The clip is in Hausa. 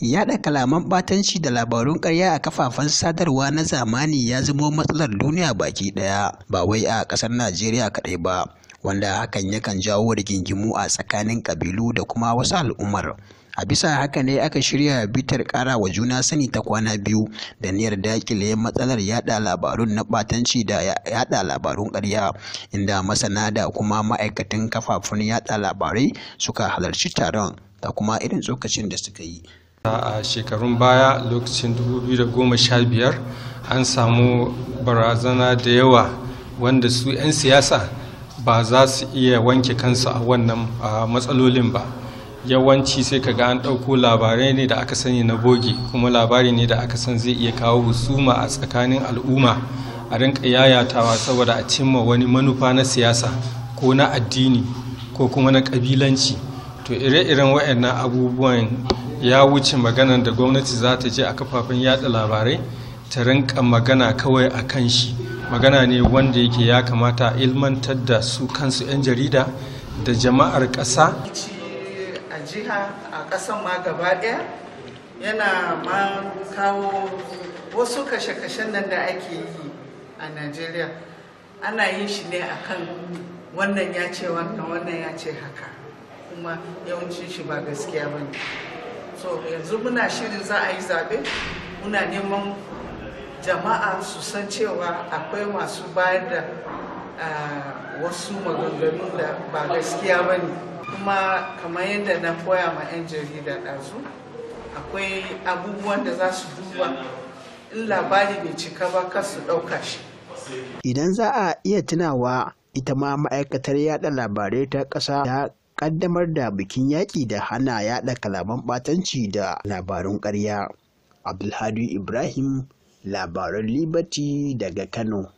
Yaɗa kalaman ɓatanci da labarun ƙarya a kafafen sadarwa na zamani ya zamo matsalar duniya baki ɗaya, ba wai a ƙasar Najeriya kaɗai ba, wanda hakan yakan jawo rigingimu a tsakanin ƙabilu da kuma wasu al'ummar. A bisa haka ne aka shirya bitar wa juna sani ta kwana biyu da niyar dakile matsalar yaɗa labarun na ɓatanci da yaɗa labarun ƙarya, inda masana da kuma ma'aikatan kafafen yaɗa labarai suka halarci taron da kuma irin tsokacin da suka yi. a shekarun baya lokacin 2015 an samu barazana da yawa wanda su 'yan siyasa ba za su iya wanke kansu a wannan matsalolin ba yawanci sai kaga an ɗauko labarai ne da aka sani na bogi kuma labari ne da aka san zai iya kawo husuma a tsakanin al'umma a rinka yayatawa saboda a cimma wani manufa na siyasa ko na addini ko kuma na ƙabilanci to ire-iren waɗannan abubuwan ya wuce maganan da gwamnati za ta je a kafafen yada labarai ta rinka magana kawai a kan shi magana ne wanda yake ya kamata ilmantar da su kansu 'yan jarida da jama'ar ƙasa a jiha a ƙasan ma gaba yana ma kawo wasu kashe-kashen nan da ake yi a najeriya ana yin shi ne kan wannan ya ce wannan wannan ya ce haka kuma yawancin shi ba gaskiya ba ne so yanzu muna shirin za a yi zaɓe muna neman jama'a su san cewa akwai masu bayar da ah, wasu maganganu da ba gaskiya ba ne kuma kamar yadda na koya ma 'yan jarida ɗazu akwai abubuwan da za su duba in labari bai cika ba kar su ɗauka shi idan za a iya tunawa ita ma ma'aikatar yada labarai ta ƙasa ta Kaddamar da bikin yaƙi da hana yaɗa kalaman ɓatanci da labarun ƙarya. Abdulhadi Ibrahim, labaran Liberty daga Kano.